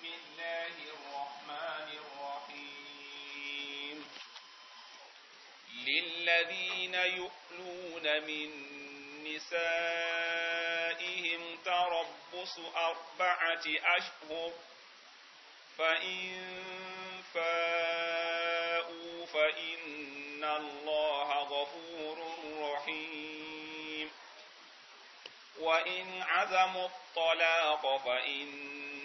بسم الله الرحمن الرحيم للذين يؤلون من نسائهم تربص أربعة أشهر فإن فاءوا فإن الله غفور رحيم وإن عزموا الطلاق فإن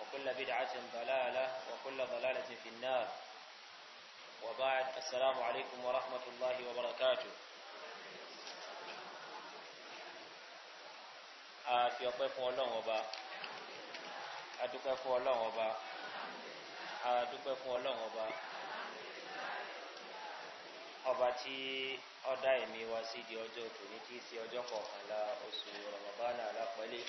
وكل بدعة ضلالة وكل ضلالة في النار وبعد السلام عليكم ورحمة الله وبركاته àfi ọpẹ́ fún ọlọ́run ọba adúpẹ́ fún ọlọ́run ọba adúpẹ́ fún ọlọ́run ọba ọba tí ọdá ẹ̀mí wa sí di ọjọ́ tòní tí í ṣe ọjọ́ kọkànlá oṣù rọ̀mọ̀bánà alápọ̀lẹ́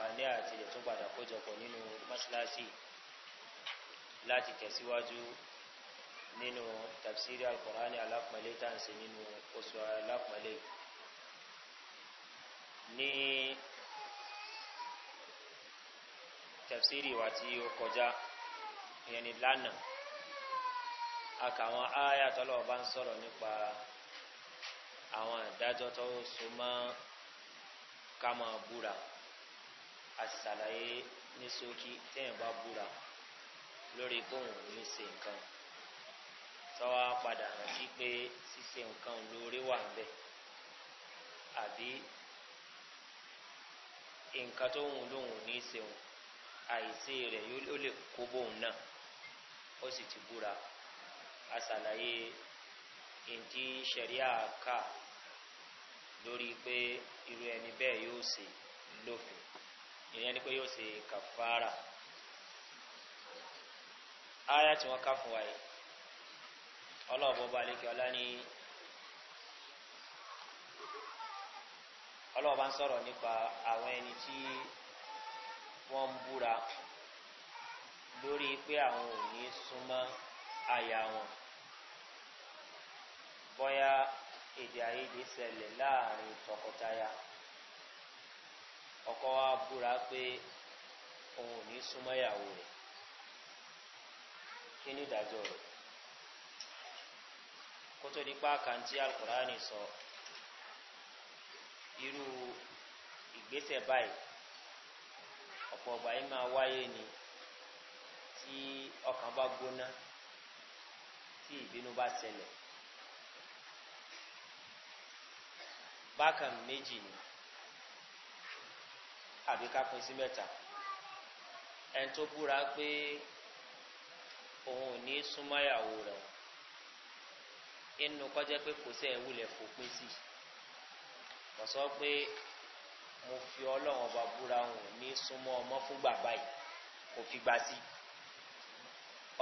àǹfààní àti ètò padà kójọpọ̀ nínú mọ́ṣáláṣí láti tẹ̀síwájú nínú tafsiri alkùnránì alápọ̀lẹ́ tá à ń se nínú oṣù alápọ̀lẹ́ ní tafsiri wa tí ó ni lánàá akàwọn ááyà tọ́lọ̀ bá ń sọ̀rọ̀ nípa àwọn ìdájọ́ tó so mọ́ ká búra àṣàlàyé ní sókí téèyàn bá búra lórí bóun ní ṣe nǹkan tọ́wọ́ padà rántí pé ṣíṣe nǹkan lórí wà ń bẹ̀ àbí nǹkan tó wù lóhùn ní ṣeun àìsí rẹ̀ ó lè kó bóun náà ó sì ti búra àṣàlàyé ìdí sẹ̀ríà ká lórí pé irú ẹni bẹ́ẹ̀ yóò ṣe lófin ìyẹn ni pé yóò ṣe kàfàrà aya tí wọ́n ká fún wa yìí ọlọ́ọ̀bọ̀ bá lékè ọlá ní ọlọ́ọ̀bá ń sọ̀rọ̀ nípa àwọn ẹni tí wọ́n ń búra lórí pé àwọn ò ní súnmọ́ àyà wọn bóyá èdè àìyedè ṣẹlẹ̀ láàrin tọkọtaya ọkọ wa búra pé òun ò ní súnmọ́ ìyàwó rẹ̀ kí ni ìdájọ́ rẹ̀ kó tó di pa kàǹtí alukurani sọ irú ìgbésẹ̀ báyìí ọ̀pọ̀ ọ̀gbà yìí máa wáyé ni tí ọkàn bá gbóná tí ìbínú bá ṣẹlẹ̀ bákan méjì ni àbí ká pin sí mẹ́ta ẹni tó búra pé òun ò ní súnmọ́yàwó rẹ̀ inú kọjá pé kò sẹ́ ẹ̀ wúlẹ̀ fòpin sí kò sọ pé mo fi ọlọ́run ọba búra òun ò ní súnmọ́ ọmọ fún bàbá yìí kò fi gbà sí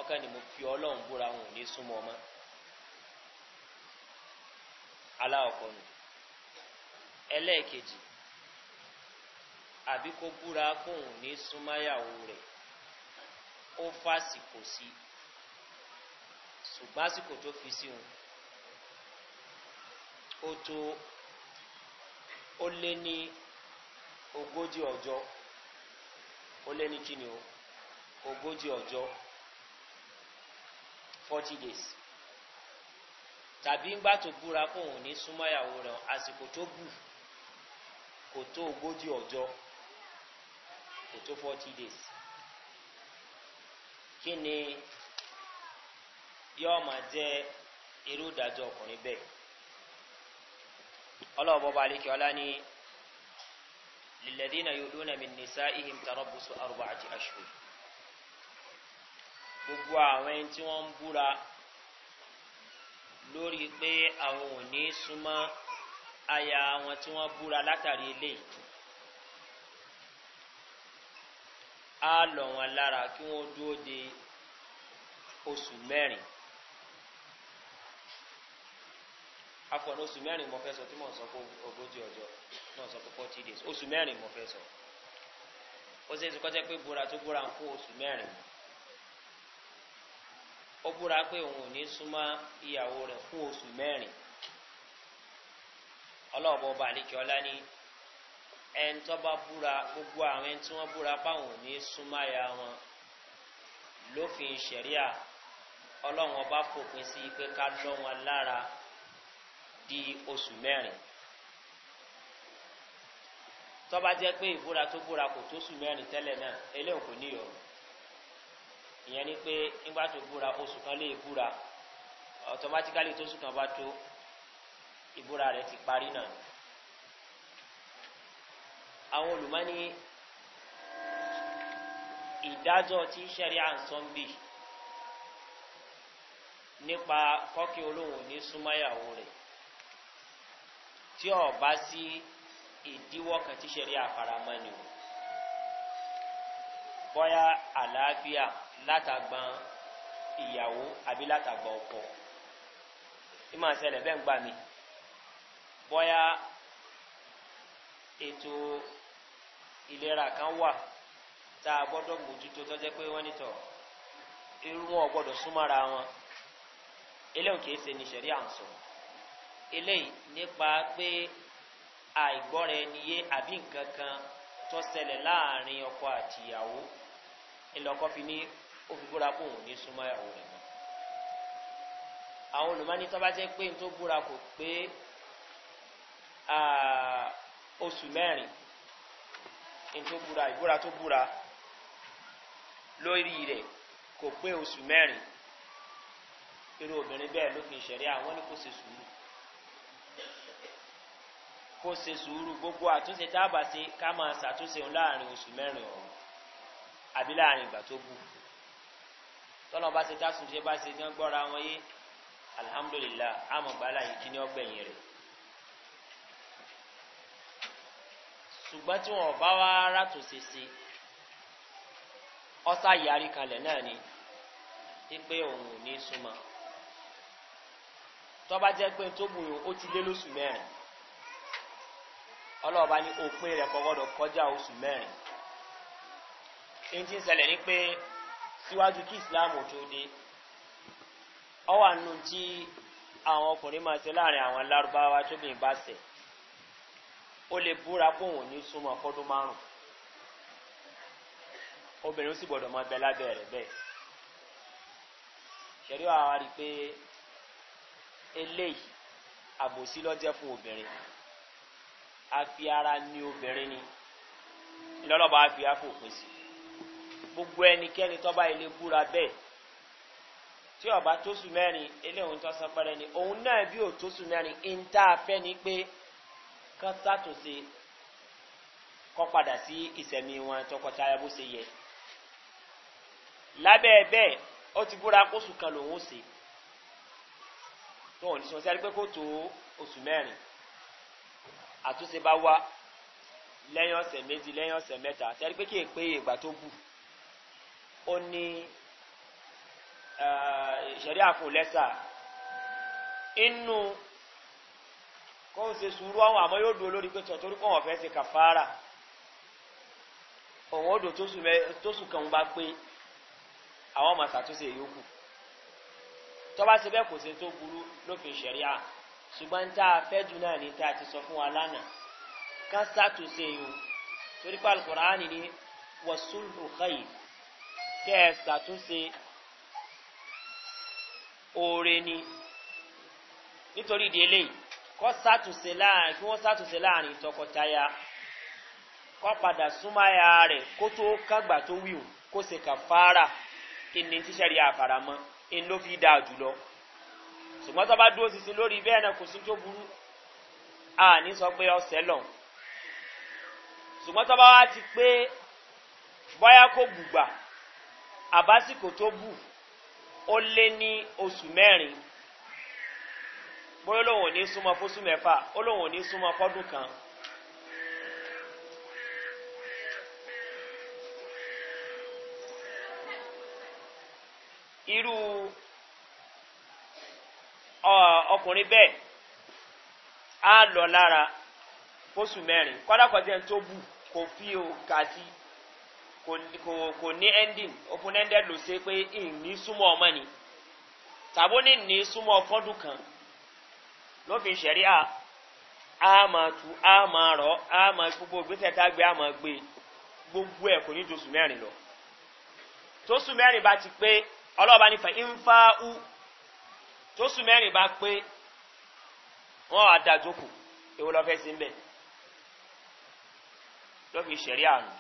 ọkàn ni mo fi ọlọ́run búra òun ní súnmọ́ ọmọ aláwọ̀ kọ́ni ẹlẹ́ẹ̀kejì àbí kó búra kóun ní súnmáyàwó rẹ̀ ó fásìkò sí ṣùgbọ́n àsìkò tó fi sí wọn ó tó ó lé ní ogójì ọjọ́ ó lé ní kíni o ogójì ọjọ́ forty days tàbí ńgbà tó búra kóun ní súnmáyàwó rẹ̀ àsìkò tó bù kò tó ogójì ọjọ́ kò tó forty days kí ni yọọ máa jẹ irú ìdájọ ọkùnrin bẹẹ ọlọ́ọ̀bọ̀ bá lè kí ọlá ní lìlẹ́dínà yóò dúnà mí nìsá ihim tarọ́bùsù arúgbó àti aṣọ gbogbo àwọn ẹni tí wọ́n ń búra lórí pé àwọn ò ní súnmọ́ aya wọn tí wọ́n búra látàrí eléyìí á lọ̀ wọn lára kí wọ́n dúró de oṣù mẹ́rin afọ̀nà oṣù mẹ́rin mo fẹ́ sọ tí mò ń sọ pé ogójì ọjọ́ náà sọ pé forty days oṣù mẹ́rin mo fẹ́ sọ ó ṣe é ṣe kọ́jẹ́ pé búra tó búra ń fún oṣù mẹ́rin ó búra pé òun ò ní súnmọ́ ìyàwó rẹ̀ fún oṣù mẹ́rin ọlọ́ọ̀bọ̀ ọba àlekè ọlá ní ẹni tó bá búra gbogbo àwọn ẹni tí wọ́n búra báwọn ò ní súnmọ́ ya wọn lófin ṣẹ̀ríà ọlọ́run ọba fòpin sí pé ká lọ́ wọn lára di oṣù mẹ́rin tọ́ba jẹ́ pé ìbúra tó búra kò tó oṣù mẹ́rin tẹ́lẹ̀ náà eléyìí kò ní ìyọ̀rù ìyẹn ni pé nígbà tó búra oṣù kan lè búra automatically tó oṣù kan bá tó ìbúra rẹ̀ ti parí náà àwọn olùmọ́ni ìdájọ́ tí sẹ́rí à ń sọ ń bì nípa kọ́kí olóhùn ní súnmọ́yàwó rẹ̀ tí ọ̀ bá sí ìdíwọ́ kan tí sẹ́rí àfaramọ́ ni o bọ́yá àlàáfíà látàgbọ́n ìyàwó àbí látàgbọ́n ọkọ̀ tí máa ṣẹlẹ̀ bẹ́ẹ̀ ń gbà mí bọ́yá ètò ìlera kan wà tá a gbọ́dọ̀ mójútó tó jẹ́ pé wọ́n ní tọ̀ irú wọn gbọ́dọ̀ súnmọ́ra wọn eléyìí kìí ṣe ní sẹ̀rí àǹsọ eléyìí nípa pé àìgbọ́ra ẹni yé àbí nǹkan kan tó ṣẹlẹ̀ láàrin ọkọ àti ìyàwó ìlọ́kọ́ fi ní ó búra kó òun ní súnmọ́ ìyàwó rẹ̀ mọ́ àwọn olùmọ́ni tó bá jẹ́ pé n tó búra kò pé oṣù mẹ́rin tó búra ìbúra tó búra lórí rẹ̀ kò pé oṣù mẹ́rin irú obìnrin bẹ́ẹ̀ lófin ìṣẹ̀rí àwọn ní kò ṣe sùúrù kó se sùúrù gbogbo àtúnṣe tá a se ká máa ṣàtúnṣe òun láàrin oṣù mẹ́rin ọ̀hún àbí láàrin ìgbà tó bù tọ́lọ́ bá se tásùnṣe bá se tí gbọ́ra wọn yé alihamudulilayi àmọ̀gbálá yìí kí ni ọgbẹ̀yìn rẹ̀ ṣùgbọ́n tí wọn bá wá rátò ṣèṣe ọ́sà yarí kalẹ̀ náà ni pípé òun ò ní súnmọ́ tọ́ba jẹ́ pé tó bù ó ti lé lóṣù mẹ́rin ọlọ́ọ̀bá ní òpin rẹ̀ kọ́ gbọ́dọ̀ kọjá oṣù mẹ́rin èyí tí ń ṣẹlẹ̀ ni pé síwájú kí ìsìláàmù tó dé ọ wà nù tí àwọn ọkùnrin máa ṣe láàrin àwọn lárúbáwá tóbi ìbáṣẹ̀ O lè búra pé òun ní súnmọ́ fọ́dún márùn obìnrin ó sì gbọ́dọ̀ mọ ẹbẹ lábẹ́ rẹ̀ bẹ́ẹ̀ ṣẹ̀rí wàá rí i pé eléyìí àbòsí lọ́jẹ́ fún obìnrin afi ara ní obìnrin ni ìlọ́lọ́ba afi afòpin sí gbogbo ẹnikẹ́ni tọ́ba ilé búra bẹ́ẹ̀ tí ọba tó sùn mẹ́rin eléyìí tó sọ pẹ́rẹ́ ni òun náà bí ò tó sùn mẹ́rin ń tá a fẹ́ ni pé kán sátúnṣe kọ́ padà sí ìsẹ̀mí wọn tọkọtaya bó ṣe yẹ lábẹ́ bẹ́ẹ̀ ó ti búra kóṣù kan lòun ó ṣe tóun ní sọ sẹ́ni pé kó tó oṣù mẹ́rin àtúnṣe bá wá lẹ́yìn ọ̀sẹ̀ méjì lẹ́yìn ọ̀sẹ̀ mẹ́ta sẹ́ni pé kí èpè ìgbà tó bù ó ní ìṣẹ̀rí àfọ̀lẹ́sà inú kó ń ṣe sùúrù àwọn àmọ́ yóò dúró lórí pé tọ̀tórí kọ́ wọn fẹ́ ṣe kàfàárà òun odò tó sùn kan bá pé àwọn ọmọ ṣàtúnṣe yòókù tọ́ba ṣe bẹ́ẹ̀ kò ṣe tó burú lófin ṣẹ̀ríà ṣùgbọ́n tá a fẹ́ jù náà ní tá a ti sọ fún wa lánàá ká ṣàtúnṣe yòó torí pé alukóraánì ni wàsúlù xeyì kẹ́ ẹ ṣàtúnṣe oore ni nítorí ìdí eléyìí kọ́ sátúnṣe láàrin kí wọ́n sátúnṣe láàrin tọkọtaya kọ́ padà súnmáya rẹ̀ kó tó kágbà tó wíwù kó se kà fara ìní tíṣẹ̀rí àfàràmọ́ ìn ló fi dáa jùlọ ṣùgbọ́n tó bá dúró sísun lórí bẹ́ẹ̀ náà kò sí tó burú àní sọ pé ọ̀sẹ̀ lọ ṣùgbọ́n tó bá wá ti pé bọ́yá kó bùgbà àbásìkò tó bù ó lé ní oṣù mẹ́rin bóyá olóhùn ní súnmọ́ fóṣù mẹ́fà olóhùn ní súnmọ́ fọ́dún kan. irú ọkùnrin bẹ́ẹ̀ á lọ lára fóṣù mẹ́rin kọ́dákọ́jẹ́ tó bù kò fi òkà sí kò ní ending open ended ló ṣe pé ìní súnmọ́ ọmọ ni tàbó ní ní súnmọ́ fọ́dún kan. lófin ṣẹ̀ríà a máa tu a máa a máa gbogbo gbèsè tá a gbé a máa gbé gbogbo ẹ̀ kò ní tóṣù mẹ́rin lọ tóṣù mẹ́rin bá ti pé ọlọ́ọ̀bá nífẹ̀ẹ́ ìfáàú tóṣù mẹ́rin bá pé wọ́n á da jókòó èwo lọ́fẹ́ sí ń bẹ̀ lófin ṣẹ̀ríà nù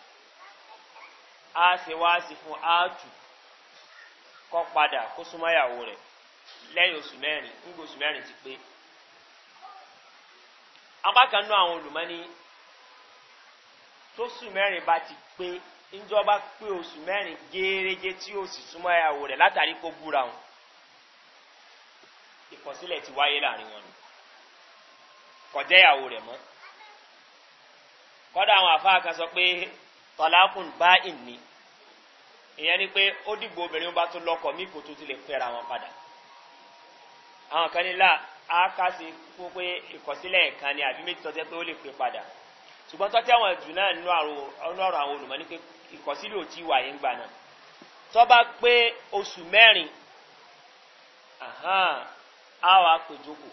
a ṣe wá sí fún aatu kọ́ padà kó súnmọ́ ìyàwó rẹ̀ lẹ́yìn oṣù mẹ́rin nígbà oṣù mẹ́rin ti pé apá kan nú àwọn olùmọ́ni tó sùn mẹ́rin bá ti pé ńjọba pé oṣù mẹ́rin géérégé tí ó sì súnmọ́ ìyàwó rẹ̀ látàrí kó búra wọn ìkọsílẹ̀ ti wáyé láàrin wọn kọjá ìyàwó rẹ̀ mọ́ kọ́dà àwọn àfáà kan sọ pé tọ́lákùn bá ìní ìyẹn ni pé ó dìgbò obìnrin bá tún lọ́kọ̀ mí kò tó ti fẹ́ra wọn padà àwọn kan nílá ákásí fún pé ìkọsílẹ̀ kan ni àbí méjì tọ́tẹ́ pé ó lè pè padà ṣùgbọ́n tọ́tẹ́ àwọn jù náà nínú ọ̀rọ̀ àwọn olùmọ̀ ní pé ìkọsílẹ̀ ò tí wà yẹn gbà náà tọ́ bá pé oṣù mẹ́rin á wà pèjókòó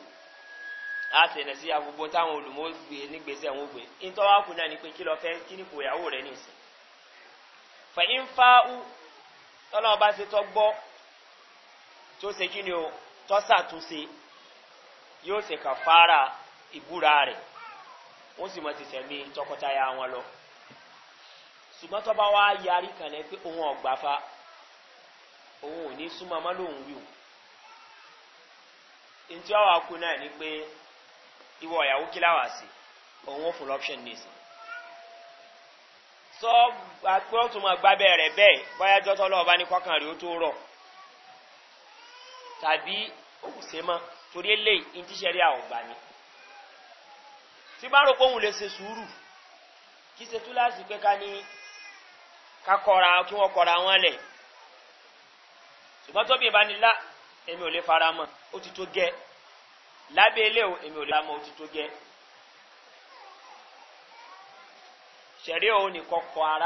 á tẹ̀lé sí agbogbo táwọn olùmọ̀ gbé nígbèsè wọn gbé nítorí wàá kú náà ni pé kí lọ fẹ́ kí ni kò yàwó rẹ̀ nìsín fẹ̀yìn fáwù tọ́lọ́wọ́ bá ṣe tọ́ gbọ́ tó ṣe kí ni o tọ́sàtúnṣe yóò ṣe kà fara ìbúra rẹ̀ wọ́n sì mọ̀ ti sẹ̀mí tọkọtaya wọn lọ ṣùgbọ́n tó bá wá yarí kalẹ̀ pé òun ọ̀gbáfa òun ò ní súnmọ́ ọmọ lòun wí o ntí wàá wá kú náà ni pé ìwọ ìyàwó kí láwàá sí òun ò fún lọ́pṣẹ̀ nìyí sọ àpérò tó máa gbábẹ́ rẹ̀ bẹ́ẹ̀ báyájọ́ tó lọ́ọ́ ní kọ́kàn tó rọ̀ tàbí òkùsẹ́ mọ́ torí eléyìí ní tíṣẹ́rí àwọ̀gbà ni tí bá rò kóhun lè ṣe sùúrù kí ṣe túláàsì pé ká ní ká kọra kí wọ́n kọra wọn lẹ̀ ṣùgbọ́n tóbi ìbánilá èmi ò lè fara mọ́ ó ti tó gẹ́ lábẹ́ ilé o èmi ò lè fara mọ́ ó ti tó gẹ́ ṣẹ̀rí òun nìkan kọ ara.